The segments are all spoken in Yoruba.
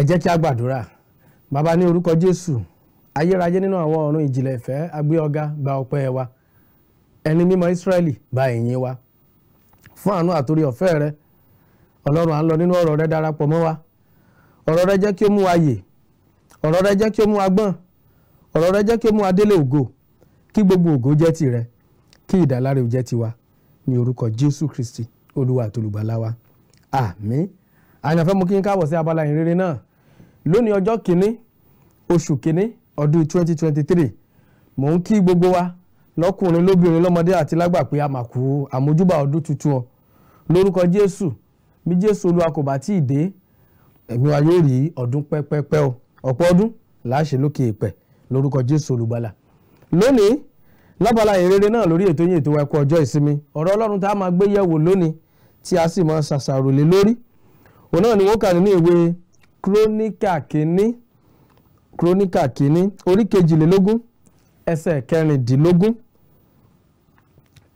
ẹ jẹ́ kí a gbàdúrà bàbá ní orúkọ jésù ayérayé nínú àwọn ọ̀run ìjìnlẹ̀ ìfẹ́ agbé ọ̀gá gba ọpẹ́ wa ẹni mímọ́ ìsírẹ́lì gba ìyìn wa fún àánú àtòrí ọ̀fẹ́ rẹ ọlọ́run à ń lọ nínú ọ̀rọ̀ rẹ darapọ̀ mọ́ wa ọ̀rọ̀ rẹ jẹ́ kí ó mú wa yè ọ̀rọ̀ rẹ jẹ́ kí ó mú wa gbọ́n ọ̀rọ̀ rẹ jẹ́ kí ó mú wa délé ògo kí gbogbo ògo jẹ́ tìrẹ kí ìdáláre jẹ́ tiwa ní orúkọ jésù kristi olúwa àtolùgbàlà wa àmín àyànfẹ́ mú kí n káàbọ̀ sí abala ìrere náà lónìí ọjọ́ kìíní oṣù kìíní ọdún 2023 mò ń kí gbogbo wa lọ́kùnrin lóbìnrin lọ́mọdé àti lágbà pé a mà kú àmójúbà ọdún tuntun ọ lórúkọ Jésù bí Jésù Olúwa kò bá tí ì dé ẹ̀mí wa yóò rí ọdún pẹ́pẹ́pẹ́ o ọ̀pọ̀ ọdún láṣẹ lókè èpẹ̀ lórúkọ Jésù Olùgbàlà lónìí lábala ìrere náà lórí ètò yín ètò wa ẹ̀kọ́ ọjọ́ ìsinmi ọ̀rọ̀ ọlọrun tá a máa gbé yẹ̀wò lónìí tí a sì máa ṣàṣàrò lé lórí òun náà ni wọ́n kà nínú ìwé kíróníkà kínní kíróníkà kínní orí kejìlélógún ẹsẹ̀ kẹrìndínlógún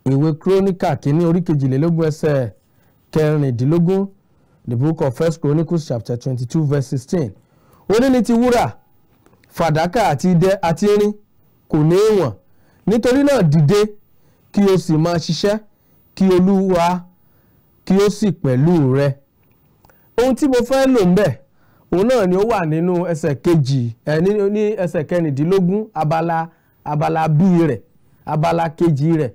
ìwé kíróníkà kínní orí kejìlélógún ẹsẹ̀ kẹrìndínlógún the book of first chronicles chapter twenty-two verse sixteen oní ni ti wúrà fàdákà àti idẹ àti irin kò ní ìwọ̀n nítorí náà dìde kí o sì máa ṣiṣẹ́ kí olúwa kí o sì pẹ̀lú rẹ ohun tí mo fẹ́ lò ń bẹ̀ òun náà ni ó wà nínú ẹsẹ̀ kejì ẹ ní ẹsẹ̀ kẹrìndínlógún abala abala bí rẹ̀ abala kejì rẹ̀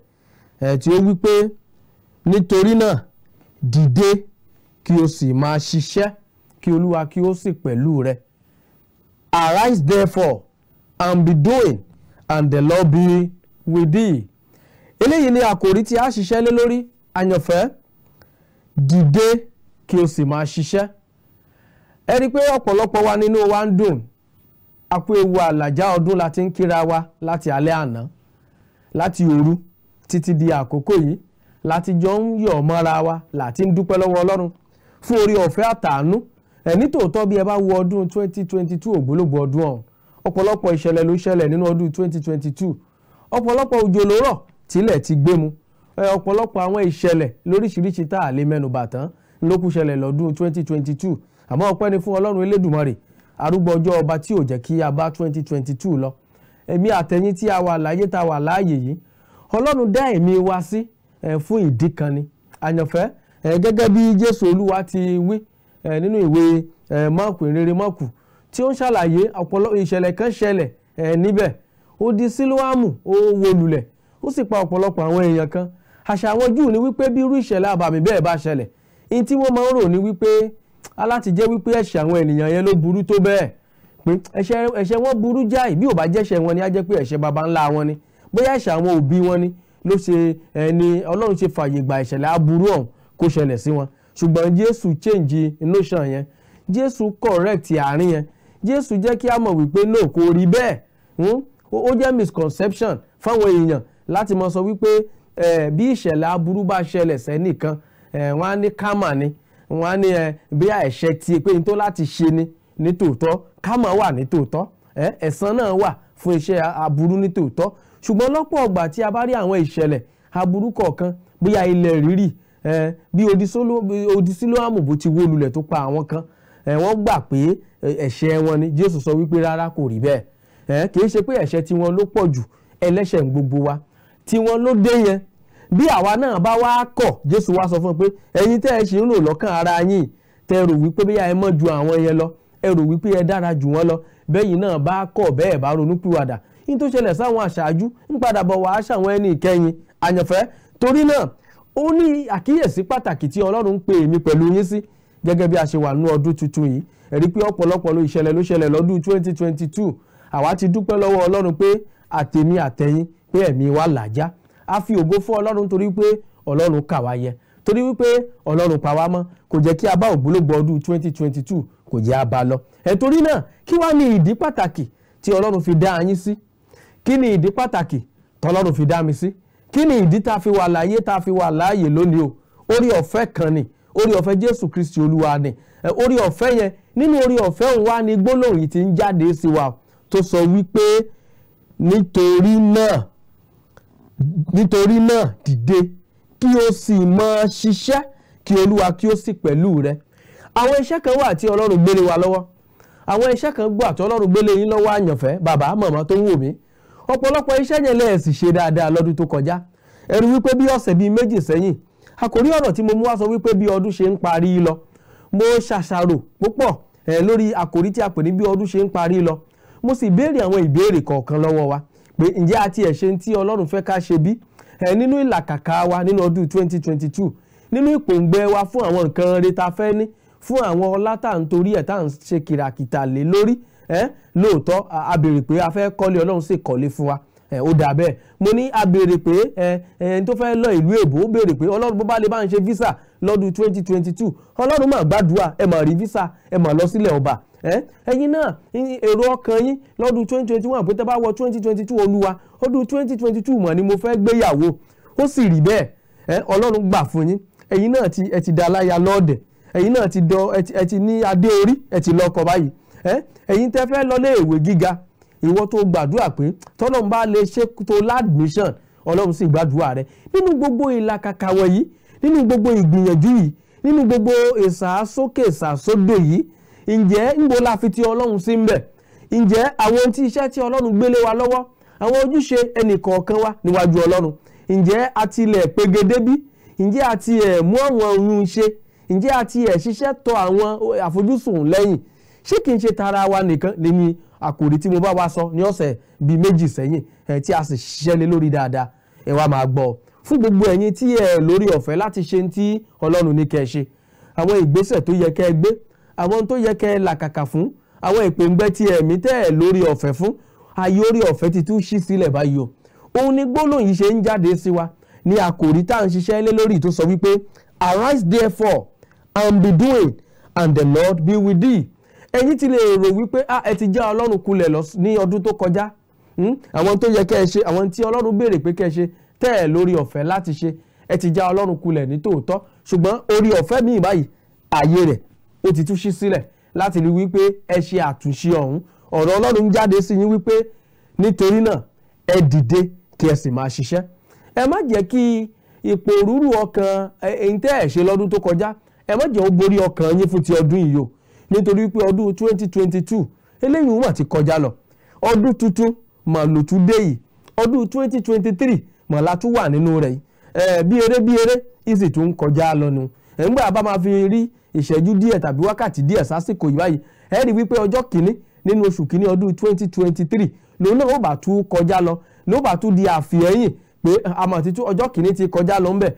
ẹ tí ó wí pé nítorí náà dìde kí o sì máa ṣiṣẹ́ kí olúwa kí ó sì pẹ̀lú rẹ arise therefore and be doing and the Lord be with thee eléyìí ni àkòrí tí a ṣiṣẹ́ lé lórí àyànfẹ́ dìde kí o sì máa ṣiṣẹ́ ẹ rí i pé ọ̀pọ̀lọpọ̀ wa nínú wa ń dùn àpò ewu àlàjá ọdún la ti ń kíra wa láti alẹ́ àná láti òru títí di àkókò yìí láti jọ ń yọ̀ mọ́ra wa láti ń dúpẹ́ lọ́wọ́ ọlọ́run fún orí ọ̀fẹ́ àtàánú ẹ̀ nítòótọ́ bí ẹ bá wo ọdún 2022 ògbólógbòó ọdún ọ̀hún ọ̀pọ̀lọpọ̀ ìṣẹ̀lẹ̀ ló ṣẹlẹ̀ nínú ọdún 2022 ọ̀pọ̀lọpọ̀ òjò ló rọ̀ tilẹ̀ ti gbé mu ọ̀pọ̀lọpọ̀ àwọn ìṣẹ̀lẹ̀ lóríṣiríṣi tá a lè mẹ́nu tán ló lọ́dún 2022 àmọ́ ọpẹ́ ni fún ọlọ́run elédùmarè arúgbó ọjọ́ ọba tí ò jẹ́ kí a bá 2022 lọ èmi àtẹ̀yin tí a wà láyé tá a wà láàyè yìí ọlọ́run dá èmi wa sí fún ìdí kan ni àyànfẹ́ gẹ́gẹ́ bí jésù olúwa ti wí nínú ìwé mọ́ọ̀kù ìrere mọ́ọ̀kù tí ó ń ṣàlàyé ọ̀pọ̀lọpọ̀ ìṣẹ̀lẹ̀ kan ṣẹlẹ̀ níbẹ̀ ó di sílùwàmù ó wó lulẹ̀ ó sì pa ọ̀pọ̀lọpọ̀ àwọn èèyàn kan àṣà àwọn júù ni wípé bí irú ìṣẹ̀lẹ̀ àbàmì bẹ́ẹ̀ bá ṣẹlẹ̀ ní tí wọ́n máa ń rò ní wípé aláti jẹ́ wípé ẹ̀ṣẹ̀ àwọn ènìyàn yẹn ló burú tó bẹ́ẹ̀ pé ẹ̀ṣẹ̀ wọn burú jáì bí ò bá jẹ́ṣẹ̀ wọn ni á jẹ́ pé ẹ̀ṣẹ̀ baba ńlá wọn ni bóyá ẹ̀ṣẹ̀ àwọn òbí wọn ni ló ṣe ẹni ọlọ́run ṣe fàyè gba ìṣẹ̀lẹ̀ aburú ọ̀hún kó ṣẹlẹ̀ sí wọn ṣùgbọ́n jésù change notion yẹn jésù correct àárín yẹn jésù jẹ́ kí a mọ̀ wípé no kò rí bẹ́ẹ̀ hmm? ó jẹ́ misconception fáwọn èèyàn láti mọ sọ wípé bí ìṣẹ̀lẹ̀ aburú bá ṣẹlẹ̀ sẹ́nìkan wọ́n á ní kámà ni. Eh, wọn á ní ẹ bí àìṣe ti pé n tó láti ṣe ni ní tòótọ́ kámọ̀ wà ní tòótọ́ ẹ̀san náà wà fún iṣẹ́ aburú ní tòótọ́ ṣùgbọ́n lọ́pọ̀ ọgbà tí a bá rí àwọn ìṣẹ̀lẹ̀ aburú kọ̀ọ̀kan bóyá ilẹ̀ rírì bí odisiloamu bó ti wó lulẹ̀ tó pa àwọn kan wọ́n gbà pé ẹ̀ṣẹ̀ wọn ni Jésù sọ wípé rárá kò rí bẹ́ẹ̀ kì í ṣe pé ẹ̀ṣẹ̀ tiwọn ló pọ̀ jù ẹlẹ́ṣẹ̀ gbogbo wa tiwọn ló dé yẹn bí àwa náà bá wá kọ̀ jésù wá sọ fún un pé ẹ̀yin tẹ́ ẹ ṣe ń rò lọ́kàn ara yín tẹ́ ẹ rò wípé bí ẹ mọ̀ ju àwọn yẹn lọ ẹ rò wípé ẹ dára jù wọ́n lọ bẹ́yìn náà bá kọ̀ bẹ́ẹ̀ bá ronú pìwàdà ní tó ṣẹlẹ̀ sáwọn àṣáájú ń padà bọ̀ wá ṣàwọn ẹni ìkẹyìn àyànfẹ́ torí náà ó ní àkíyèsí pàtàkì tí ọlọ́run ń pè mí pẹ̀lú yín sí gẹ́gẹ́ bí a ṣe wà nú ọdún tuntun yìí ẹ̀rí pé ọ̀pọ̀lọpọ̀ ló ìṣẹ̀lẹ̀ ló ṣẹlẹ̀ lọ́dún 2022 àwa ti dúpẹ́ lọ́wọ́ ọlọ́run pé àtèmi àtẹ̀yin pé ẹ̀mí wa làjá a fi ògo fún ọlọ́run torí pé ọlọ́run kà wá yẹ torí wípé ọlọ́run pa wá mọ́ kò jẹ́ kí a bá ògbólógbò ọdún twenty twenty two kò jẹ́ a bá lọ ẹ̀ torí náà kí wá ní ìdí pàtàkì tí ọlọ́run fi dá yín sí kí ni ìdí pàtàkì tọ́lọ́run fi dá mi sí kí ni ìdí tá a fi wà láàyè tá a fi wà láàyè lónìí o orí ọ̀fẹ́ kan ni orí ọ̀fẹ́ jésù kristi olúwa ni orí ọ̀fẹ́ yẹn nínú orí ọ̀fẹ́ òun wá ní gbólóhùn yìí ti ń jáde sí wa tó sọ wípé nítorí náà nítorí náà dìde kí o sì máa ṣiṣẹ́ kí olúwa kí o sì pẹ̀lú rẹ àwọn iṣẹ́ kan wà tí ọlọ́run gbélé wa lọ́wọ́ àwọn iṣẹ́ kan gbọ́ àti ọlọ́run gbélé yín lọ́wọ́ àyànfẹ́ bàbá màmá tó ń wò mí ọ̀pọ̀lọpọ̀ iṣẹ́ yẹn lẹ́ẹ̀sì ṣe dáadáa lọ́dún tó kọjá ẹ̀rù wípé bí ọ̀sẹ̀ bíi méjì sẹ́yìn àkòrí ọ̀rọ̀ tí mo mú wá sọ wípé bí ọdún ṣe ń parí lọ mo ṣàṣàrò púpọ̀ lórí àkòrí tí a pè ní bí ọdún ṣe ń parí lọ mo sì béèrè àwọn ìbéèrè kọ̀ọ̀kan lọ́wọ́ wa pé ǹjẹ́ àti ẹ̀ ṣe ń tí Ọlọ́run fẹ́ ká ṣe bí ẹ̀ nínú ìlàkàkà wa nínú ọdún 2022 nínú ìpòǹgbẹ wa fún àwọn nǹkan rere ta fẹ́ ní fún àwọn ọlá tá à ń torí ẹ̀ tá à ń ṣe kìràkìtà lé lórí ẹ̀ lóòótọ́ a béèrè pé a fẹ́ kọ́lé Ọlọ́run sì kọ́lé fún wa ẹ̀ ó dà bẹ́ẹ̀ mo ní a pé ẹ̀ ẹ̀ tó fẹ́ lọ ìlú èbó béèrè pé Ọlọ́run bó bá lè bá ń ṣe visa lọ́dún 2022 Ọlọ́run máa gbàdúrà ẹ̀ máa rí visa ẹ̀ máa lọ sílẹ̀ ọba ẹ̀yin náà èrò ọkàn yín lọ́dún twenty twenty one àpótẹ́ bá wọ twenty twenty two olúwa ọdún twenty twenty two mọ̀ ni mo fẹ́ gbéyàwó ó sì rí bẹ́ẹ̀ ọlọ́run gbà fún yín ẹ̀yin náà ti ẹ ti da aláya lọ́ọ̀dẹ̀ ẹ̀yin náà ti dọ ẹ ti ní adé orí ẹ ti lọ́kọ báyìí ẹ̀yin tẹ́ fẹ́ lọ lé ìwé gíga ìwọ tó gbàdúrà pé tọ́lọ́run bá lè ṣe tó ládùmíṣàn ọlọ́run sì gbàdúrà rẹ nínú gbogbo ìlàkàkà wọ̀nyí nínú gbogbo ìgbìyànjú yìí nínú gbogbo ìsàsókè ìsàsódò yìí ǹjẹ́ ńbo la fi ti ọlọ́run sí ń bẹ̀ ǹjẹ́ àwọn ohun tí iṣẹ́ tí ọlọ́run gbélé wa lọ́wọ́ àwọn ojúṣe ẹnìkọ̀ọ̀kan wa níwájú ọlọ́run ǹjẹ́ a ti lè pegedé bí ǹjẹ́ a ti ẹ̀ mú àwọn ohun ṣe ǹjẹ́ a ti ẹ̀ ṣiṣẹ́ tọ àwọn àfojúsùn lẹ́yìn ṣé kì í ṣe tara wa nìkan lè ní àkòrí tí mo bá wa sọ ní ọ̀sẹ̀ bíi méjì sẹ́yìn ẹ̀ tí a sì ṣiṣẹ́ lé lórí dáadáa ẹ̀ wá máa gbọ́ fún gbogbo ẹ̀yin tí ẹ̀ lórí ọ̀fẹ́ láti ṣe ti ọlọ́run ní kẹ́ ẹ ṣe àwọn ìgbésẹ̀ tó yẹ kẹ́ ẹ gbé àwọn tó yẹ kẹ́ ẹ làkàkà fún àwọn ìpèǹgbẹ tí ẹ̀mí tẹ́ ẹ̀ lórí ọ̀fẹ́ fún ayé orí ọ̀fẹ́ ti tún ṣí sílẹ̀ báyìí o òun ni gbólóhùn yìí ṣe ń jáde sí wa ní àkòrí tá à ń ṣiṣẹ́ lé lórí tó sọ wípé arise therefore and be doing and the Lord be with thee ẹ̀yin ti lè rò wípé ah ẹ ti já ọlọ́run kulẹ̀ lọ ní ọdún tó kọjá hmm? àwọn tó yẹ kẹ́ ẹ ṣe àwọn tí ọlọ́run béèrè pé kẹ́ ẹ ṣe tẹ́ ẹ lórí ọ̀fẹ́ láti ṣe ẹ ti já ọlọ́run kulẹ̀ ní tòótọ́ ṣùgbọ́n orí ọ̀fẹ́ mi báyìí ààyè rẹ̀ ó ti tún ṣí sílẹ̀ láti rí wípé ẹ ṣe àtúnṣe ọ̀hún ọ̀rọ̀ Ọlọ́run jáde sí yín wípé nítorí náà ẹ dìde kí ẹ sì máa ṣiṣẹ́ ẹ má jẹ́ kí ipò rúrú ọkàn èyí tẹ́ ẹ̀ ṣe lọ́dún tó kọjá ẹ má jẹ́ ó borí ọkàn yín fún ti ọdún yìí o nítorí pé ọdún 2022 eléyìí wọ́n ti kọjá lọ ọdún tuntun mà ló tún dé yìí ọdún 2023 mà la tún wà nínú rẹ̀ yìí bí eré bí eré ìsì tún kọjá lọ́nu nígbà bá máa fi rí ìṣẹ́jú díẹ̀ tàbí wákàtí díẹ̀ sásìkò yìí báyìí ẹ rí wípé ọjọ́ kìíní nínú oṣù kìíní ọdún 2023 lòun náà ó bá tún kọjá lọ ló bá tún di àfihẹ́yìn pé àmọ́ títún ọjọ́ kìíní ti kọjá lọ ńbẹ̀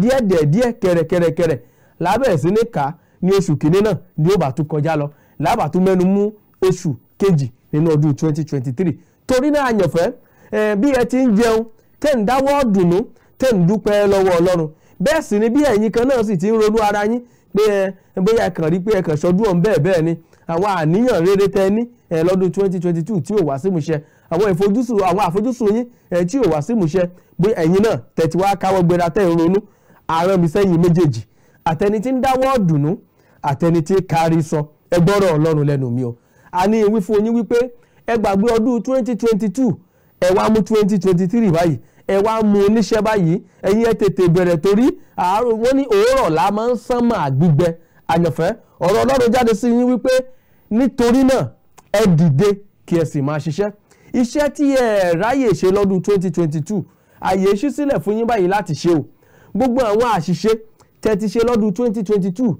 díẹ̀ díẹ̀ díẹ̀ kẹ̀rẹ̀kẹ̀rẹ̀kẹ̀rẹ̀ lábẹ̀rẹ̀ sí ní ká ní oṣù kìíní náà ni ó bá tún kọjá lọ lábàá tún mẹ́nu mú oṣù kejì nínú ọdún 2023 torí náà àyànfẹ́ bí ẹ ti ń jẹun tẹ̀ ń dáwọ́ dùnú tẹ̀ ń dúpẹ́ lọ́wọ́ Ọlọ́run bẹ́ẹ̀ sì ni bí ẹ̀yin kan náà sì ti ń ronú ara yín pé ẹ bóyá ẹ kàn rí pé ẹ kàn ṣọdún ọ̀hún bẹ́ẹ̀ bẹ́ẹ̀ ni àwọn àníyàn rere tẹ ní ẹ lọ́dún twenty twenty two tí ò wá sí ìmúṣẹ àwọn ìfojúsùn àwọn àfojúsùn yín ẹ tí ò wá sí ìmúṣẹ bóyá ẹ̀yin náà tẹ̀tí wá káwọ́ gbéra tẹ̀ ń ronú àárọ̀ mi sẹ́yìn méjèèjì àtẹni tí ń dáwọ́ dùnú àtẹni tí kárí sọ ẹ gbọ́rọ̀ ọlọ́run lẹ́nu mi o àní ìwí fún yín wípé ẹ gbàgbé ọdún twenty twenty two ẹ wá mú twenty twenty three báyìí ẹ wá mú oníṣẹ́ báyìí ẹ̀yin ẹ tètè bẹ̀rẹ̀ torí àárọ̀ wọn ní òórọ̀ la máa ń sán máa gbígbẹ àyànfẹ́ ọ̀rọ̀ ọlọ́run jáde sí yín wípé nítorí náà ẹ dìde kí ẹ sì máa ṣiṣẹ́ iṣẹ́ tí ẹ ráyè ṣe lọ́dún 2022 àyè ṣí sílẹ̀ fún yín báyìí láti ṣe o gbogbo àwọn àṣìṣe tẹ́ ti ṣe lọ́dún 2022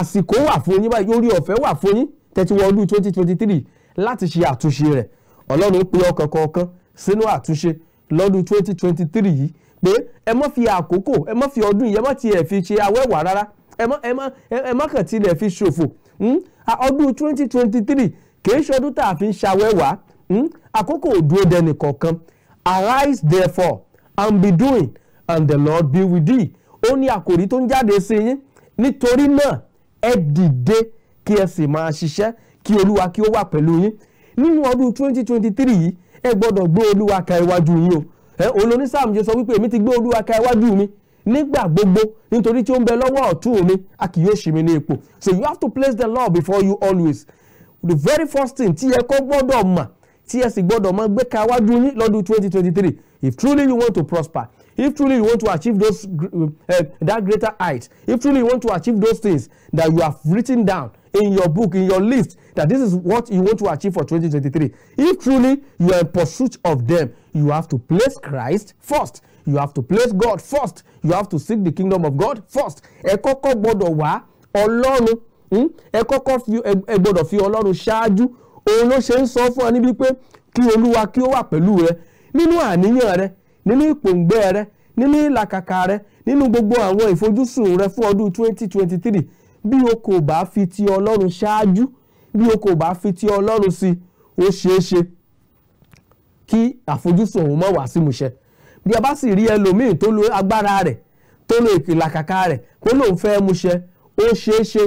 àsìkò wà fún yín báyìí orí ọ̀fẹ́ wà fún yín tẹ́ ti wọ ọdún 2023 láti ṣe àtúnṣe rẹ̀ ọlọ́run pe ọkàn kọ̀ọ̀kan sínú àtúnṣe lọ́dún 2023 yìí pé ẹ má fi àkókò ẹ má fi ọdún yìí ẹ má tiẹ̀ fi ṣe awẹ́wà rárá ẹ má kàn tilẹ̀ fi ṣòfò hmm? ọdún 2023 kìí ṣe ọdún tá a fi ń ṣawẹ́wà hmm? àkókò ò dúró dẹni kọ̀ọ̀kan arise therefore and be doing and the Lord be with thee ó ní àkòrí tó ń jáde sí yín nítorí náà ẹ dìde kí ẹ sì máa ṣiṣẹ́ kí olúwa kí ó wà pẹ̀lú yín nínú ọdún 2023 yìí ẹ gbọ́dọ̀ gbé olúwa ka iwájú yín o òun lóní sáàmù jẹ sọ wípé èmi ti gbé olúwa ka iwájú mi nígbà gbogbo nítorí tí ó ń bẹ lọ́wọ́ ọ̀tún mi a kì yóò ṣì mí ní ipò so you have to place the law before you always the very first thing tí ẹ kọ́ gbọ́dọ̀ mà tí ẹ sì gbọ́dọ̀ mọ gbé ka iwájú yín lọ́dún twenty twenty three if truly you want to prosper if truly you want to achieve those uh, that greater height if truly you want to achieve those things that you have written down in your book, in your list, that this is what you want to achieve for 2023. If truly you are in pursuit of them, you have to place Christ first. You have to place God first. You have to seek the kingdom of God first. Ẹ kọ́kọ́ gbọ́dọ̀ wá Ọlọ́run. Hmm? Ẹ kọ́kọ́ fi ẹ gbọ́dọ̀ fi Ọlọ́run ṣáájú. Òun ló ṣe ń sọ fún ọ níbi pé kí Olúwa kí ó wà pẹ̀lú rẹ nínú àníyàn rẹ nínú ìpòǹgbẹ rẹ nínú ìlàkàkà rẹ nínú gbogbo àwọn ìfojúsùn rẹ fún ọdún 2023 bí o kò bá fi ti ọlọ́run ṣáájú bí o kò bá fi ti ọlọ́run sí ó ṣeé ṣe kí àfojúsùn òun mọ̀ wá sí ìmúṣẹ bí a bá sì rí ẹlòmíì tó lo agbára rẹ̀ tó lo ìlàkàkà rẹ̀ kó lóun fẹ́ múṣẹ ó ṣeé ṣe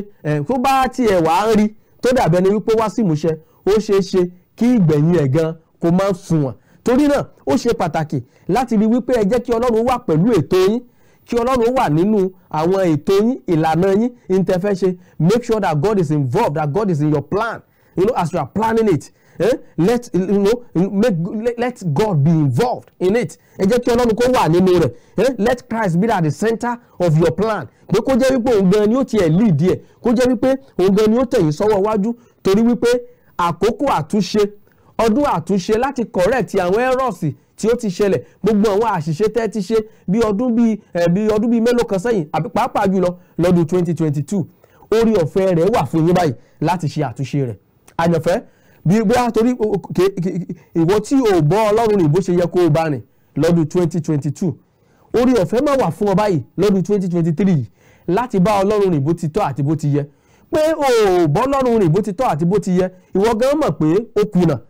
kó bá tiẹ̀ wá ń rí tó dàbẹ́ni wípé wá sí ìmúṣẹ ó ṣeé kí ìgbẹ̀yìn ẹ̀ gan kó má sunwọ̀n torí náà ó ṣe pàtàkì láti rí wípé ẹ jẹ́ kí ọlọ́run wà pẹ̀lú ètò yín kí ọlọ́run wà nínú àwọn ètò yín ìlànà yín ìtẹ̀fẹ́ ṣe make sure that God is involved that God is in your plan you know as you are planning it eh? let you know make let, let God be involved in it ẹ jẹ́ kí ọlọ́run kó wà nínú rẹ̀ eh? let Christ be at the center of your plan pé kó jẹ́ wípé òun gan ni ó tiẹ̀ lead ẹ̀ kó jẹ́ wípé òun gan ni ó tẹ̀yìn sọ́wọ́ iwájú torí wípé àkókò àtúnṣe ọdún àtúnṣe láti correct àwọn errors tí ó ti ṣẹlẹ̀ gbogbo àwọn àṣìṣe tẹ́ ti ṣe bí ọdún bíi eh, bí ọdún bíi mélòó kan sẹ́yìn àbí pàápàá jùlọ lọ́dún 2022 orí ọ̀fẹ́ rẹ̀ wà fún yín báyìí láti ṣe àtúnṣe rẹ̀ àyànfẹ́ bí bóyá torí ìwọ tí o bọ́ ọlọ́run ní bó ṣe yẹ kó o bá rìn lọ́dún 2022 orí ọ̀fẹ́ máa wà fún ọ báyìí lọ́dún 2023 yìí láti bá ọlọ́run rìn bó ti tọ́ àti bó ti yẹ pé o ò bọ́ ọlọ́run rìn bó ti tọ́ àti bó ti yẹ ìwọ gan mọ̀ pé o kùnà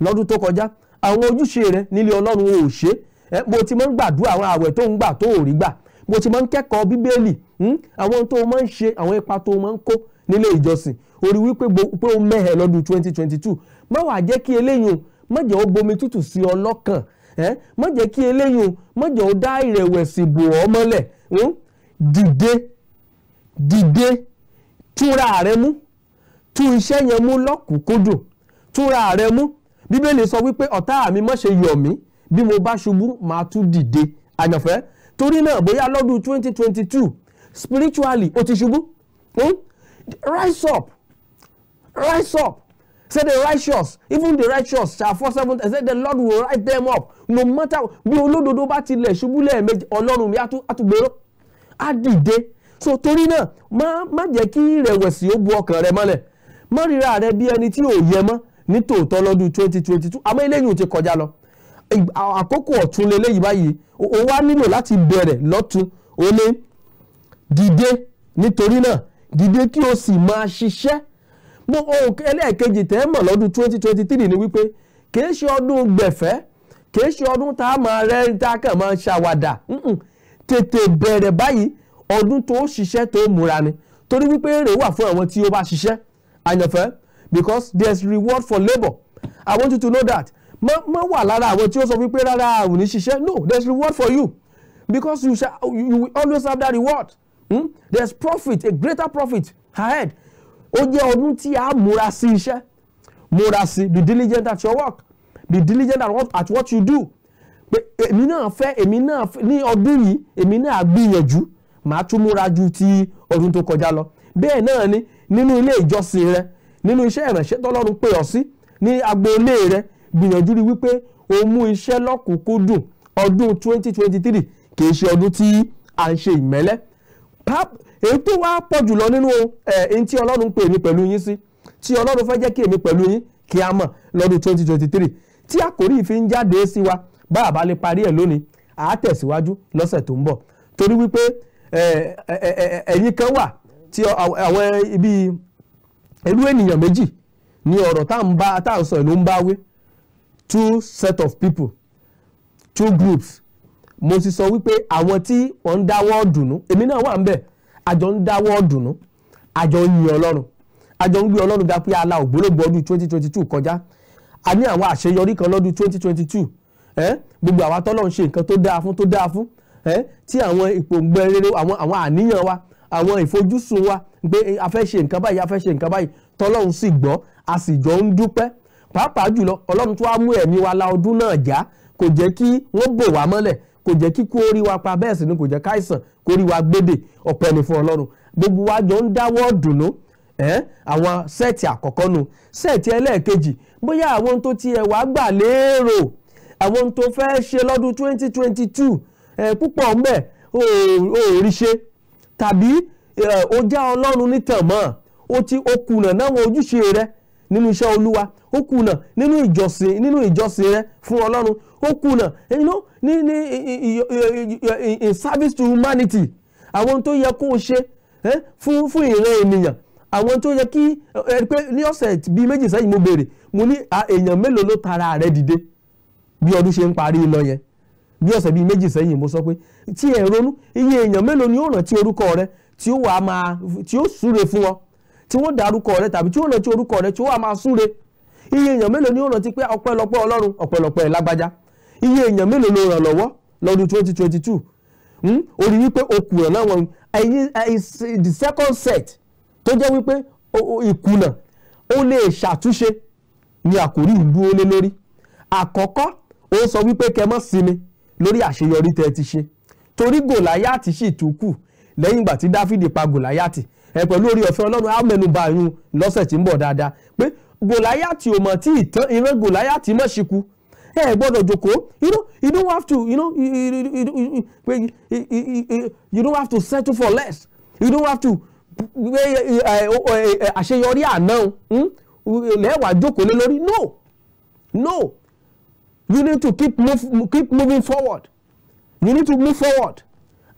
lọ́dún tó kọjá àwọn ojúṣe rẹ nílé ọlọ́run ò ṣe é mo ti máa ń gbàdúrà àwọn àwẹ̀ tó ń gbà tó ò rí gbà mo ti máa ń kẹ́kọ̀ọ́ bíbélì hmm, àwọn tó máa ń ṣe àwọn ipa tó máa ń kó nílé ìjọsìn orí wípé pé ó mẹ́hẹ̀ lọ́dún 2022 má wàá jẹ́ kí eléyìí má jẹ́ ó bomi tútù sí ọ lọ́kàn má jẹ́ kí eléyìí má jẹ́ ó dá ìrẹ̀wẹ̀sì bò ọ́ mọ́lẹ̀ hmm. dìde dìde túra rẹ mú tú iṣẹ́ yẹn mú lọ́kùnkúndùn túra rẹ mú bíbélì sọ wípé ọ̀tá mi má ṣe yọ̀ mí bí mo bá ṣubú màá tún dìde àyànfẹ́ torí náà bóyá lọ́dún twenty twenty spiritually o ti ṣubú hmm? rise up rise up say the righteous even the righteous shall fall seven times say the lord will rise them up no matter bí olódodo bá tilẹ̀ ṣubú lẹ́ẹ̀mejì ọlọ́run mi àtúgbèrò á dìde so torí náà má má jẹ́ kí ìrẹ̀wẹ̀sì ó bu ọkàn rẹ mọ́lẹ̀ má ríra rẹ bí ẹni tí ò yẹ mọ́ ní tòótọ́ lọ́dún twenty twenty two àmọ́ eléyìí ò ti kọjá lọ àkókò ọ̀tún leléyìí báyìí ó wá nílò láti bẹ̀rẹ̀ lọ́tún ó lé dìde nítorí náà dìde kí o sì máa ṣiṣẹ́ mo ohun ẹlẹ́ẹ̀kejì tẹ́ mọ̀ lọ́dún twenty twenty three ni wípé kìí ṣe ọdún gbẹ̀fẹ́ kìí ṣe ọdún tá a máa rẹ́ tá a kàn máa ṣàwàdà tètè bẹ̀rẹ̀ báyìí ọdún tó ṣiṣẹ́ tó múra ni torí wípé èrè wà fún àwọn tí ó bá ṣiṣẹ́ àyànfẹ́ because there's reward for labour I want you to know that má má wà lára àwọn tí ó sọ wípé rárá àwọn oníṣiṣẹ́ no there's reward for you because you shall you will always have that reward hmm? there's profit a greater profit ahead ó jẹ́ ọdún tí a múra sí iṣẹ́ múra sí be diligent at your work be diligent at what, at what you do pé èmi náà fẹ́ èmi náà ní ọdún yìí èmi náà gbìyànjú màá tún múra ju ti ọdún tó kọjá lọ bẹ́ẹ̀ náà ni nínú ilé ìjọsìn rẹ nínú iṣẹ́ ìrànṣẹ́ tọ́lọ́run pè ọ́ sí ní agboolé rẹ gbìyànjú rí wípé o mú iṣẹ́ lọ́kùnkúndùn ọdún 2023 kì í ṣe ọdún tí à ń ṣe ìmẹ́lẹ́ èyí tó wá pọ̀ jùlọ nínú ẹ̀ẹ́n tí ọlọ́run pè mí pẹ̀lú yín sí tí ọlọ́run fẹ́ jẹ́ kí èmi pẹ̀lú yín kí a mọ̀ lọ́dún 2023 tí àkórí ìfi jáde sí wa bá a bá lè parí ẹ̀ lónìí à á tẹ̀síwájú lọ́sẹ̀ tó ń bọ̀ torí wípé ẹ̀yin kan wà tí àwọn ibi irú ènìyàn méjì ni ọ̀rọ̀ tá ń bá à ń sọ ló ń bá wí two set of people two groups mo sì sọ wípé àwọn tí wọ́n ń dáwọ́ dùnú èmi náà wà ń bẹ̀ àjọ ń dáwọ́ dùnú àjọ ń yin ọlọ́run àjọ ń gbé ọlọ́run ga pé ala ògbólógbò ọdún twenty twenty two kọjá a ní àwọn àṣeyọrí kan lọ́dún twenty twenty two gbogbo àwa tọ́lọ́run ṣe nǹkan tó dáa fún tó dáa fún tí àwọn ìpòǹgbẹ rere àwọn àníyàn wa àwọn ìfojúsùn wa pé a fẹ́ ṣe nǹkan báyìí a fẹ́ ṣe nǹkan báyìí tọ́lọ́run sì gbọ́ a sì jọ ń dúpẹ́ pàápàá jùlọ ọlọ́run tó wá mú ẹ̀mí wa la ọdún náà já kò jẹ́ kí wọ́n bò wá mọ́lẹ̀ kò jẹ́ kí kó rí wa pa bẹ́ẹ̀ sì ni kò jẹ́ káìsàn kó rí wa gbédè ọpẹ́ ni fún ọlọ́run gbogbo wa jọ ń dáwọ́ dùnú àwọn sẹ́ẹ̀tì àkọ́kọ́ nu sẹ́ẹ̀tì ẹlẹ́ẹ̀kejì bóyá àwọn tó ti ẹ̀ wá gbà lérò àwọn tó fẹ́ ṣe lọ́dún 2022 púpọ̀ ń bẹ ò rí ṣe tàbí o já ọlọ́run nítànmọ́ o ti o kùnà náwọn ojúṣe rẹ nínú iṣẹ́ olúwa ó kùnà nínú ìjọsìn nínú ìjọsìn rẹ fún ọlọ́run ó kùnà ní in service to humanity àwọn tó yẹ kó o ṣe fún fún ìran ènìyàn àwọn tó yẹ kí ẹ pé ní ọ̀sẹ̀ bíi méjì sẹ́yìn mo béèrè mo ní èèyàn mélòó ló tara rẹ̀ dìde bí ọdún ṣe ń parí lọ yẹn bí ọ̀sẹ̀ bíi méjì sẹ́yìn mo sọ pé tí ẹ̀ ronú iye èèyàn mélòó ni ó rántí orúkọ rẹ tí ó wàá máa tí ó súre fún ọ tí wọ́n dárúkọ rẹ tàbí tí ó rántí orúkọ rẹ tí ó wàá máa súre iye èèyàn mélòó ni ó rántí pé ọpẹlọpẹ Ọlọ́run ọpẹlọpẹ lágbájá iye èèyàn mélòó ló ràn lọ́wọ́ lọ́dún twenty twenty two hmm? o rí wípé okùn ẹ̀ náà wọ́n the second set tó jẹ́ wípé ìkùnà ó lè ṣàtúnṣe ni àkórí ìlú ó lé lórí àkọ́kọ́ ó sọ wípé kẹ́ sinmi lórí àṣeyọrí tẹ́ ẹ ti ṣe torí gòláyàtì sì tún kù lẹ́yìn ìgbà tí dáfídì pa gòláyàtì ẹ pẹ̀lú orí ọ̀fẹ́ ọlọ́run á mẹ́nuba ìyún lọ́sẹ̀ tí ń bọ̀ dáadáa pé gòláyàtì ò mọ̀ tí ìtàn ìran gòláyàtì mọ̀ sí ku ẹ gbọ́dọ̀ jókòó you know you don't have to you know you, you, you, you, you don't have to settle for less you don't have to àṣeyọrí àná lẹ́wàá jókòó lé lórí no no you need to keep, move, keep moving forward you need to move forward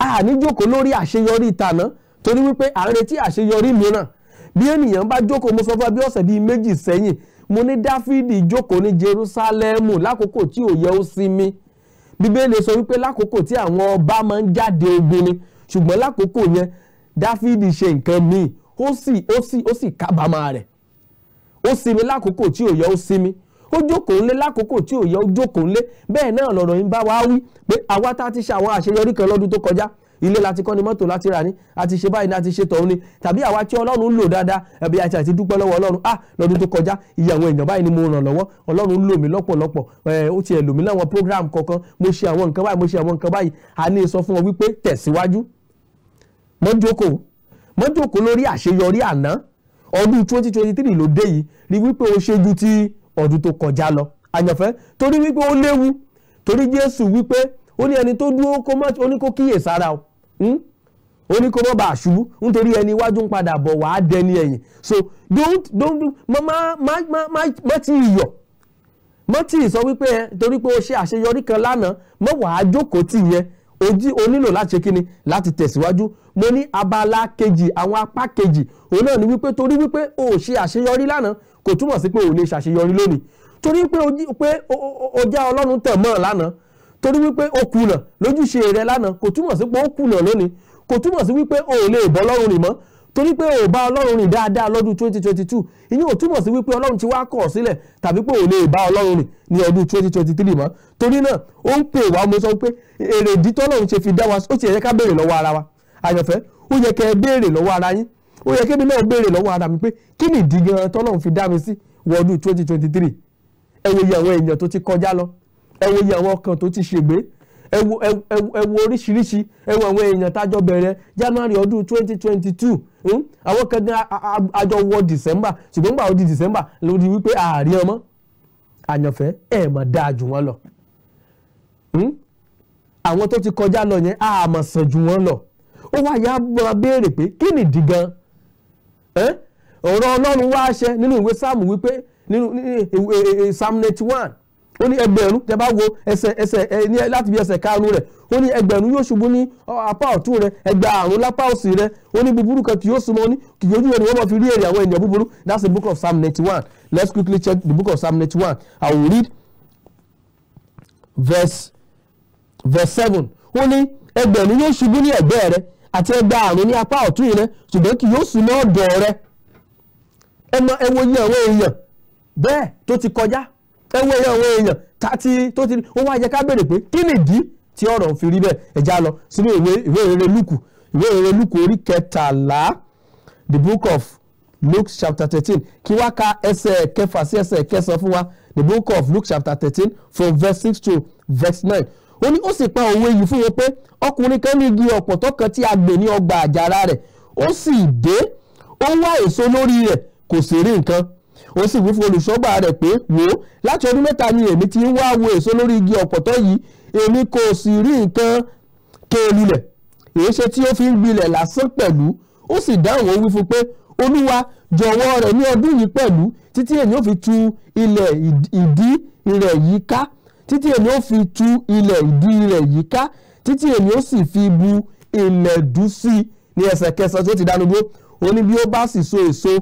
a ní jókòó lórí àṣeyọrí ìtànà torí wípé à ń retí àṣeyọrí mìíràn bí ènìyàn bá jókòó mo sọ fún wa bí ọ̀sẹ̀ bíi méjì sẹ́yìn mo ní Dáfídì jókòó ní Jerúsálẹ́mù lákòókò tí ò yẹ ó sinmi Bíbélì sọ wípé lákòókò tí àwọn ọba máa ń jáde ogun ni ṣùgbọ́n lákòókò yẹn Dáfídì ṣe nǹkan míì ó sì ó sì ó sì kábàámà rẹ̀ ó sinmi lákòókò tí ò yẹ ó sinmi ó jókòó ńlé lákòókò tí ò yẹ ó jókòó ńlé bẹ́ẹ̀ náà lọ̀rọ̀ yìí ń bá wa wí pé àwa tá a ti ṣe àwọn àṣeyọrí kan lọ́dún tó kọjá ilé láti kọ́ ni mọ́tò láti rà ní àti ṣe báyìí ní ṣe tọ̀hún ni tàbí àwa tí ọlọ́run lò dáadáa ẹ̀bí àti àti dúpẹ́ lọ́wọ́ ọlọ́run ah lọ́dún tó kọjá iye àwọn èèyàn báyìí ni mo ràn lọ́wọ́ ọlọ́run ń lò mí lọ́pọ̀lọpọ̀ ẹ̀ ó tiẹ̀ lò mí láwọn program kọ̀ọ̀kan mo ṣe àwọn nǹkan báyìí mo ṣe àwọn nǹkan báyìí a ní sọ fún wọn wípé tẹ̀síwájú mọ́jókòó mọ́jókòó lórí àṣeyọrí àná ọdún 2023 ló dé yìí rí ọdún tó kọjá lọ àyànfẹ́ torí wípé ó léwu torí Jésù wípé ó ní ẹni tó dúró kó má ó ní kó kíyè sára o hmm? ó ní kó má bàa nítorí ẹni iwájú ń padà bọ̀ wàá dẹni ẹ̀yìn so don't don't má ma ma ma ma ti yọ̀ Ma ti sọ wípé ẹ torí pé o ṣe àṣeyọrí kan lánàá má wàá jókòó tì yẹn ojú o nílò láti ṣe kíni láti tẹ̀síwájú mo ní abala kejì àwọn apá kejì òun náà ni wípé torí wípé o ò ṣe àṣeyọrí lánàá kò túmọ̀ sí pé ò lè ṣàṣeyọrí lónìí torí pé o já ọlọ́run tẹ̀ mọ́ lánàá torí wípé o kùnà lójúṣe rẹ lánàá kò túmọ̀ sí pé o kùnà lónìí kò túmọ̀ sí wípé o ò lè bọ́ ọlọ́run rìn mọ́ torí pé o bá ọlọ́run rìn dáadáa lọ́dún 2022 ìyẹn ò túmọ̀ sí wípé ọlọ́run ti wá kọ̀ sílẹ̀ tàbí pé o lè bá ọlọ́run rìn ní ọdún 2023 mọ́ torí náà ó ń pè wá mo sọ pé èrèdí tọ́lọ́run ṣe fi dá wa ó ti yẹ ká béèrè lọ́wọ́ ara wa àyànfẹ́ ó yẹ kẹ́ ẹ béèrè lọ́wọ́ ara yín ó yẹ kébí náà béèrè lọ́wọ́ ara mi pé kí ni ìdí gan tọ́lọ́run fi dá mi sí wọ́ọ̀dù twenty twenty three ẹ wo iye àwọn èèyàn tó ti kọjá lọ ẹ wo iye àwọn ọkàn tó ti ṣègbè ẹ wo ẹ wo oríṣiríṣi ẹ wo àwọn èèyàn tájọ bẹ̀rẹ̀ January ọdún twenty hmm? àwọn kan ní àjọ wọ December ṣùgbọ́n gbà ó December ló di wípé ààrí ọmọ àyànfẹ́ ẹ̀ mà dáa jù wọ́n lọ hmm? àwọn tó ti kọjá lọ yẹn àmọ̀ sàn jù wọ́n lọ ó wá máa béèrè pé kí nìdí gan-an ọ̀rọ̀ ọlọ́run wá ṣẹ nínú ìwé sáàmù wípé nínú e, e, psalm ninety one ó ní ẹgbẹ̀rún tẹ́ bá wo ẹsẹ̀ ẹsẹ̀ ní láti bí ẹsẹ̀ karùn rẹ̀ ó ní ẹgbẹ̀rún yóò ṣubú ní apá ọ̀tún rẹ̀ ẹgbà àrùn lápá òsì rẹ̀ ó ní búburú kan kì yóò súnmọ́ ní kì yóò wọ́n fi rí èrè àwọn ènìyàn búburú that's the book of psalm ninety one let's quickly check the book of psalm ninety one i will read verse seven ó ní ẹgbẹ̀rún yóò ṣubú ní rẹ̀ àti ẹgbẹ́ àrùn ní apá ọ̀tún yìí rẹ ṣùgbọ́n kì yóò súnmọ́ ọ̀dọ̀ rẹ ẹ mọ ẹ wo iye àwọn èèyàn bẹ́ẹ̀ tó ti kọjá ẹ wo iye àwọn èèyàn tàti tó ti ó wá yẹ ká béèrè pé kí nìdí tí ọ̀rọ̀ fi rí bẹ́ẹ̀ ẹ já lọ sínú ìwé ìwé ìrere lùkù ìwé ìrere lùkù orí kẹtàlá the book of Luke chapter thirteen kí wá ka ẹsẹ̀ kẹfà sí ẹsẹ̀ kẹsàn-án fún wa the book of Luke chapter thirteen from verse six to verse nine ó ní ó sì pa òwe yìí fún wọn pé ọkùnrin kan ní igi ọ̀pọ̀tọ́ kan tí a gbè ní ọgbà àjàrà rẹ̀ ó sì dé ó wá èso lórí rẹ̀ kò sì rí nǹkan ó sì wí fún olùṣọ́gbà rẹ̀ pé wò ó láti ọdún mẹ́ta ni èmi ti ń wá wo èso lórí igi ọ̀pọ̀tọ́ yìí èmi kò sì rí nǹkan kéèlulẹ̀ èyí ṣe tí ó fi ń gbilẹ̀ lásán pẹ̀lú ó sì dáhùn ó wí fún pé olúwa jọ̀wọ́ rẹ̀ ní ọdún yìí pẹ̀lú títí èmi ò fi tu ilẹ̀ ìdí rẹ̀ yìí ká títí èmi ó fi tu ilẹ̀ ìdí rẹ̀ yíká títí èmi ó sì fi bu ilẹ̀ dú sí i ní ẹsẹ̀kẹsẹ̀ tó ti dánu bó ó ní bí ó bá sì so èso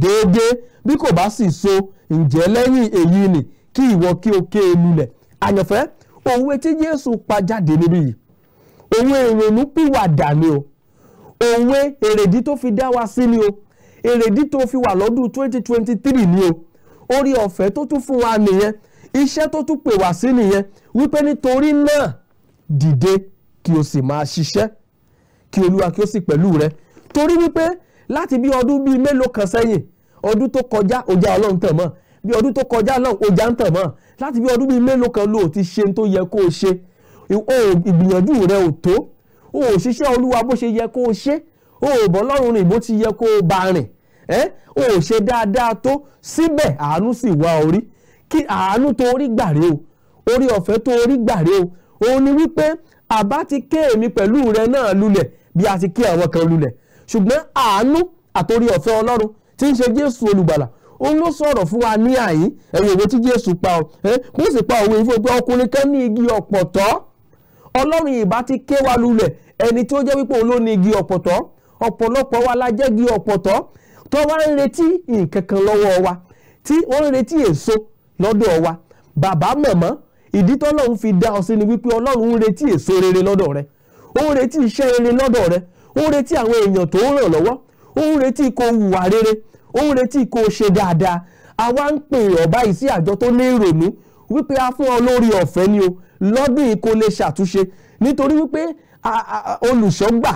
déédéé bí kò bá sì so ǹjẹ́ lẹ́yìn èyí ni kí ìwọ kí o ké e lulẹ̀ àyànfẹ́ òwe tí Jésù pa jáde níbí yìí òwe ìrònú pìwàdà ni o òwe èrèdí tó fi dá wa sí ni o èrèdí tó fi wà lọ́dún twenty twenty three ni o orí ọ̀fẹ́ tó tún fún wa nìyẹn iṣẹ́ tó tún pè wá sí nìyẹn wípé nítorí náà dìde kí o sì máa ṣiṣẹ́ kí olúwa kí o sì pẹ̀lú rẹ torí wípé láti bí ọdún bíi mélòó kan sẹ́yìn ọdún tó kọjá ọjà ọlọ́run tẹ̀ mọ́ bí ọdún tó kọjá náà ọjà ń tẹ̀ mọ́ láti bí ọdún bíi mélòó kan ló ti ṣe tó yẹ kó o ṣe ìgbìyànjú rẹ ò tó o ò ṣiṣẹ́ olúwa bó ṣe yẹ kó o ṣe o ò bọ́ lọ́rùn rìn bó ti yẹ kó o bá rìn o ò ṣe dáadáa tó síbẹ̀ àánú sì wá orí kí àánú tó rí gbàre o orí ọ̀fẹ́ tó rí gbàre o òun ni wípé àbá ti ké èmi pẹ̀lú rẹ náà lulẹ̀ bí a ti ké àwọn kan lulẹ̀ ṣùgbọ́n àánú àtòrí ọ̀fẹ́ ọlọ́run tí ń ṣe jésù olùgbàlà òun ló sọ̀rọ̀ fún wa ní àyín ẹ̀yìn òwe tí jésù pa ọ kó sì pa òwe fún pé ọkùnrin kan ní igi ọ̀pọ̀tọ́ ọlọ́run ìbá ti ké wa lulẹ̀ ẹni tí ó jẹ́ wípé òun ló ní igi ọ̀pọ̀tọ́ ọ̀pọ̀lọpọ̀ wa la jẹ́ igi ọ̀pọ̀tọ́ tó wá ń retí nǹkan kan lọ́wọ́ wa tí wọ́n ń retí èso lọ́dọ̀ wa bàbá màmá ìdí tọ́lọ́run fi dá ọ sí ni wípé ọlọ́run ń retí èso rere lọ́dọ̀ rẹ ó ń retí iṣẹ́ rere lọ́dọ̀ rẹ ó ń retí àwọn èèyàn tó ń ràn lọ́wọ́ ó ń retí kó hùwà rere ó ń retí kó ṣe dáadáa àwa ń pè ọ́ báyìí sí àjọ tó ní ìrònú wípé a fún ọ lórí ọ̀fẹ́ ni o lọ́dún yìí kó lè ṣàtúnṣe nítorí wípé olùṣọ́gbà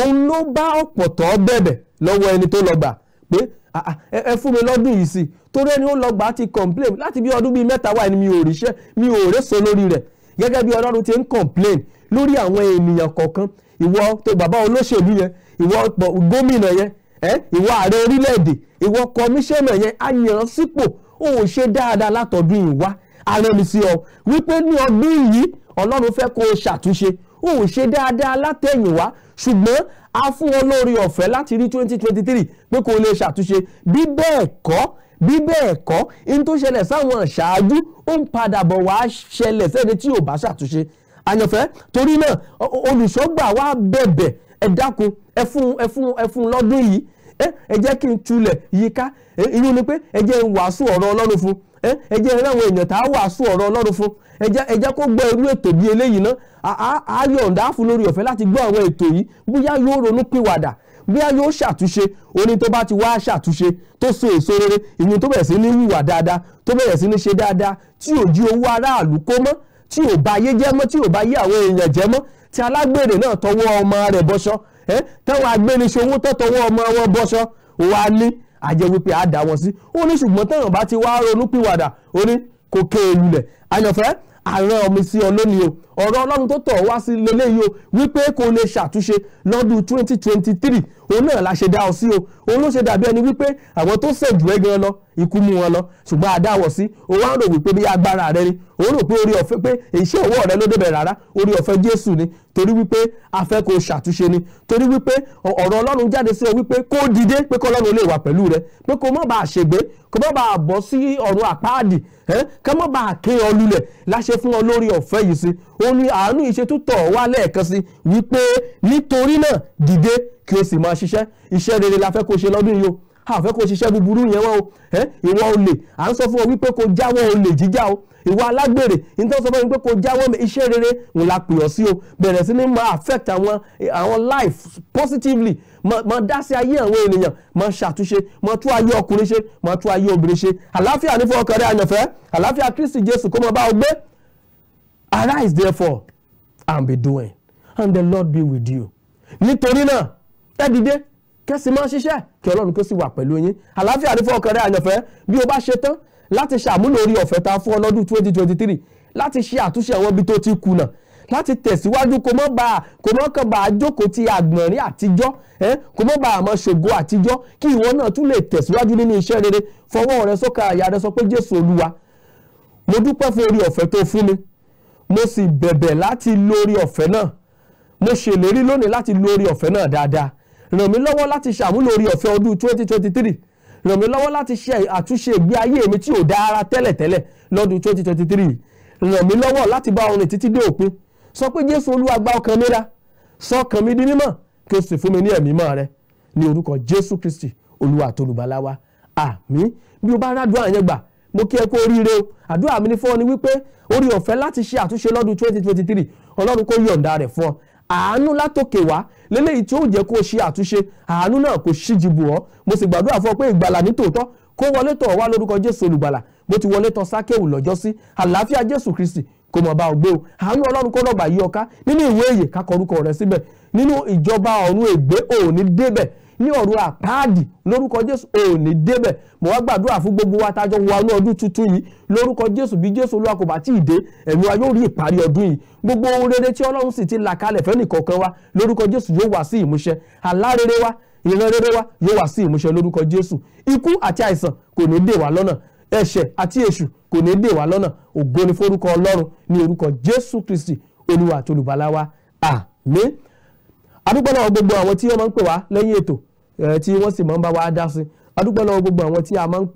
òun ló bá ọ̀pọ̀ bẹ̀bẹ̀ lọ́wọ́ ẹni tó lọ gbà pé Ah, ah, ẹ fún mi lọ́dún yìí sí torí ẹni ó lọ gbà á ti complain láti bí ọdún bíi mẹ́ta wáyé ni mi ò ríṣẹ́ mi ò réso lórí rẹ̀ gẹ́gẹ́ bí ọlọ́run ti ń complain lórí àwọn ènìyàn kọ̀ọ̀kan ìwọ tó bàbá olóṣèlú yẹn ìwọ gómìnà yẹn ìwọ ààrẹ orílẹ̀-èdè ìwọ kọmíṣánná yẹn á yàn án sípò ó ò ṣe dáadáa látọ̀dún ìwá àrẹ̀mísí ọ wípé ní ọdún yìí ọlọ́run fẹ́ kó o ṣàtúnṣe ò ṣe dáadáa látẹ̀yìnwá ṣùgbọ́n a fún ọ lórí ọ̀fẹ́ láti rí twenty twenty three pé kò lè ṣàtúnṣe bí bẹ́ẹ̀ kọ́ bí bẹ́ẹ̀ kọ́ in tó ṣẹlẹ̀ sáwọn ṣáájú ó ń padà bọ̀ wá ṣẹlẹ̀ sẹ́ni tí ò bá ṣàtúnṣe àyànfẹ́ torí náà olùṣọ́gbà wa bẹ̀bẹ̀ ẹ dákun ẹ fún ẹ fún ẹ fún lọ́dún yìí ẹ jẹ́ kí n tulẹ̀ yíká ìyún ni pé ẹ jẹ́ n ọ̀rọ̀ Ọlọ́run fún un ẹ jẹ́ ìrànwọ́ èèyàn tá a wàásù ọ̀rọ̀ ọlọ́run fún ẹ jẹ́ kó gbọ́ irú ètò bí eléyìí ná a yọ̀ǹda fún lórí ọ̀fẹ́ láti gbọ́ àwọn ètò yìí bóyá yóò ronú pìwàdà bóyá yóò ṣàtúnṣe oní tó bá ti wá ṣàtúnṣe tó so èso rere ìyẹn tó bẹ̀rẹ̀ sí ní hùwà dáadáa tó bẹ̀rẹ̀ sí ní ṣe dáadáa tí ò jí owó aráàlú kó mọ́ tí ò bá yé jẹ́ mọ́ tí ò bá yé àwọn èèyàn jẹ́ mọ́ tí alágbèrè náà tọwọ́ ọmọ rẹ̀ bọ́ṣọ́ táwọn agbéniṣòwò tó tọwọ́ ọmọ wọn bọ́ṣọ́ wà ní àjẹ́ wípé a dá wọn sí ó ní ṣùgbọ́n téèyàn bá ti wá ronú pìwàdà ó ní kò kéèlú e lẹ̀ àyànfẹ́ àrẹ ọ̀mísí ọ lónìí o ọ̀rọ̀ ọlọ́run tó tọ̀ wá sí leléyìí o wípé kò lè ṣàtúnṣe lọ́dún twenty twenty three òun náà la ṣe dá ọ sí o òun ló ṣe dàbí ẹni wípé àwọn tó ṣèjú ẹ gan lọ ikú mú wọn lọ ṣùgbọ́n àdáwọ̀ sí o wá ń rò wípé bí agbára rẹ ni o rò pé orí ọ̀fẹ́ pé iṣẹ́ ọwọ́ rẹ ló débẹ̀ rárá orí ọ̀fẹ́ Jésù ni torí wípé a fẹ́ kó ṣàtúnṣe ni torí wípé ọ̀rọ̀ Ọlọ́run jáde sí ọ wípé kó dìde pé kọ́ Ọlọ́run lè wà pẹ̀lú rẹ pé kó má bàa ṣègbé kó má bàa bọ́ sí ọ̀run àpáàdì kó má bàa ké ọ lulẹ̀ láṣẹ fún ọ lórí ọ̀fẹ́ yìí sí ó ní àánú ìṣe tó tọ̀ wá lẹ́ẹ̀kan sí wípé nítorí náà dìde kí o sì máa ṣiṣẹ́ iṣẹ́ rere la fẹ́ kó ṣe lọ́dún yìí o a fẹ́ kó ṣiṣẹ́ búburú yẹn wọ́n o ìwọ olè à ń sọ fún ọ wípé kó jáwọ́ olè jíjà o ìwà alágbèrè nítorí sọ fún mi pé kò jáwọ́ iṣẹ́ rere ń la pè ọ́ sí o bẹ̀rẹ̀ sí ni máa affect àwọn àwọn life positively máa dá sí ayé àwọn ènìyàn máa ṣàtúnṣe máa tún ayé ọkùnrin ṣe máa tún ayé obìnrin ṣe àlàáfíà ní fún ọkàn rẹ àyànfẹ́ àlàáfíà Kristi Jésù kó máa bá ọ gbé arise therefore and be doing and the Lord be with you. nítorí náà ẹ dìde kẹ́sì máa ṣiṣẹ́ kí Ọlọ́run kó sì wà pẹ̀lú yín àlàáfíà ní fún ọkàn rẹ àyànfẹ́ bí o bá ṣe tán láti ṣàmúlò orí ọ̀fẹ́ ta fún ọ lọ́dún twenty twenty three láti ṣe àtúnṣe àwọn ibi tó ti kùnà láti tẹ̀síwájú kò mọ́ bá kò mọ́ kàn bá a jókòó ti àgbọ̀nrín àtijọ́ kò mọ́ bá a mọ̀ ṣògo àtijọ́ kí ìwọ náà tún lè tẹ̀síwájú nínú iṣẹ́ rere fọwọ́ rẹ sókè àyà rẹ sọ pé Jésù Olúwa mo dúpẹ́ fún orí ọ̀fẹ́ tó fún mi mo sì bẹ̀bẹ̀ láti lórí ọ̀fẹ́ náà mo ṣèlérí lónìí láti lórí ọ̀fẹ́ náà dáadáa ràn mí lọ́wọ́ láti ṣàmúlò orí ọ̀fẹ́ ọdún 2023 ràn mí lọ́wọ́ láti ṣe àtúnṣe ìgbé ayé mi tí ò dára tẹ́lẹ̀tẹ́lẹ̀ lọ́dún 2023 ràn mí lọ́wọ́ láti bá orin títí dé òpin sọ pé Jésù Olúwa gba ọkàn mi là sọ ọkàn mi di mímọ́ kí o sì fún mi ní ẹ̀mí mọ́ rẹ ní orúkọ Jésù Kristi Olúwa àtolùbáláwa àmín bí o bá rádùn àyẹ̀gbà mo kí ẹ kú oríire o àdúrà mi ní fún ọ ni wípé orí ọ̀fẹ́ láti ṣe àtúnṣe lọ́dún 2023 ọlọ́run kó yọ̀ǹda rẹ̀ fún ọ àánú látòkè wá lélẹ́yìí tí ó jẹ́ kó o ṣe àtúnṣe àánú náà kò ṣíji bù ọ́ mo sì gbàdúrà fún ọ pé ìgbàlà ní tòótọ́ kó wọlé tọ̀ wá lórúkọ jésù olùgbàlà bó ti wọlé tọ̀ sákéwù lọ́jọ́sí àlàáfíà jésù kristi kò mọ̀ bá ọ gbé o àánú ọlọ́run kó rọ̀gbà yí ọ nínú ìwé èyè ká rẹ síbẹ̀ nínú ìjọba ọ̀run ègbé òní débẹ̀ ní ọ̀rọ̀ àpáàdì lórúkọ jésù òní débẹ̀ mo wá gbàdúrà fún gbogbo wa tájọ wa ní ọdún tuntun yìí lórúkọ jésù bí jésù olúwa kò bá tí ì dé ẹ̀mí wa yóò rí ìparí ọdún yìí gbogbo ohun rere tí ọlọ́run sì ti là kalẹ̀ fẹ́ nìkọ̀ọ̀kan wa lórúkọ jésù yóò wá sí ìmúṣẹ àlá wa ìran rere wa yóò wá sí ìmúṣẹ lórúkọ jésù ikú àti àìsàn kò ní dè wá lọ́nà ẹ̀ṣẹ̀ àti èṣù kò ní dè wá lọ́nà ògo ni forúkọ ọlọ́run ní orúkọ jésù kristi olúwa àti olùbàlà wa àmín adúgbò náà gbogbo àwọn tí wọ́n máa ń pè wá lẹ́yìn ètò tí wọ́n sì máa ń bá wa dá sí adúpẹ́ lọ́wọ́ gbogbo àwọn tí a máa ń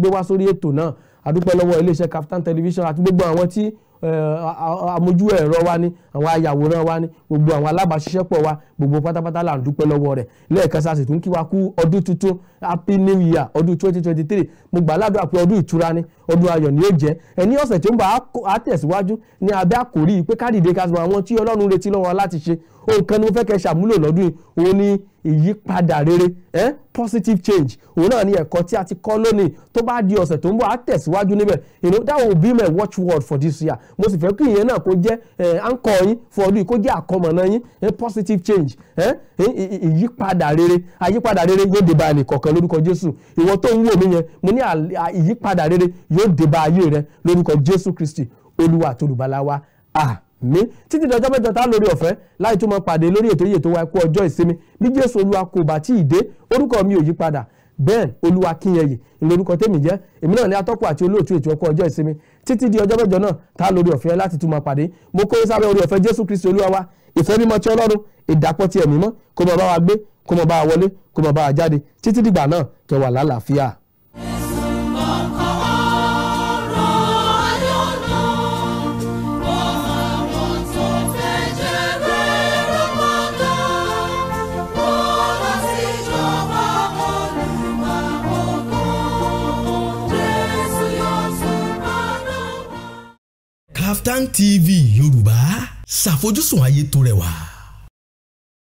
gbé wá sórí ètò náà adúpẹ́ lọ́wọ́ iléeṣẹ́ Kaftan television àti gbogbo àwọn tí amójú ẹ̀rọ wa ni àwọn ayàwòrán wa ni gbogbo àwọn alábàáṣiṣẹ́pọ̀ wa gbogbo pátápátá là ń dúpẹ́ lọ́wọ́ rẹ̀ lẹ́ẹ̀kan sáà tún kí wa kú ọdún tuntun happy new year ọdún twenty twenty three mo gbà ládùúgbà pé ọdún ìtura ni ọdún ayọ̀ ni yóò jẹ́ ẹni ọ̀sẹ̀ tí ó ń bá a tẹ̀síwájú ní abẹ́ àkòrí pé kádìdé kásìmọ̀ àwọn tí ọlọ́run retí lọ́wọ́ láti ṣe ohun ni mo fẹ́ kẹ́ ṣàmúlò lọ́dún òun ni ìyípadà rere eh? positive change òun náà ni ẹ̀kọ́ tí a ti kọ́ lónìí tó bá di ọ̀sẹ̀ tó ń bọ̀ á tẹ̀síwájú níbẹ̀ you know that will be my watchword for this year mo sì fẹ́ kí ìyẹn náà kó jẹ́ àǹkọ́ yín fún ọdún yìí kó jẹ́ àkọmọ̀nà yín positive change ìyípadà rere àyípadà rere yóò dé bá ẹnìkọ̀ọ̀kan lórúkọ Jésù ìwọ tó ń wò mí yẹn mo ní ìyípadà rere yóò dé bá ayé rẹ lórúkọ Jésù Kristi Olúwa àti Olùgbàlà wa àmín mi títí dọjọ́ mẹ́jọ tá lórí ọ̀fẹ́ láì tó máa pàdé lórí ètò yìí tó wá kú ọjọ́ ìsinmi bí jésù olúwa kò bá tí ì dé orúkọ mi ò yí padà bẹ́ẹ̀ olúwa kínyẹ̀yì ìlórúkọ tèmi jẹ́ èmi náà ní atọ́kùn àti olóòtú ètò ọkọ̀ ọjọ́ ìsinmi títí di ọjọ́ mẹ́jọ náà tá lórí ọ̀fẹ́ láti tún máa pàdé mo kó sábẹ́ orí ọ̀fẹ́ Jésù Kristi Olúwa wa ìfẹ́ mímọ́ ti Ọlọ́run ìdàpọ̀ ti ẹ̀mí mọ́ kó máa bá wa gbé kó máa bá wa wọlé kó máa bá wa jáde títí dìgbà náà kẹ́ lálàáfíà. Kaftan TV Yorùbá ṣàfojúsùn ayé tó rẹwà.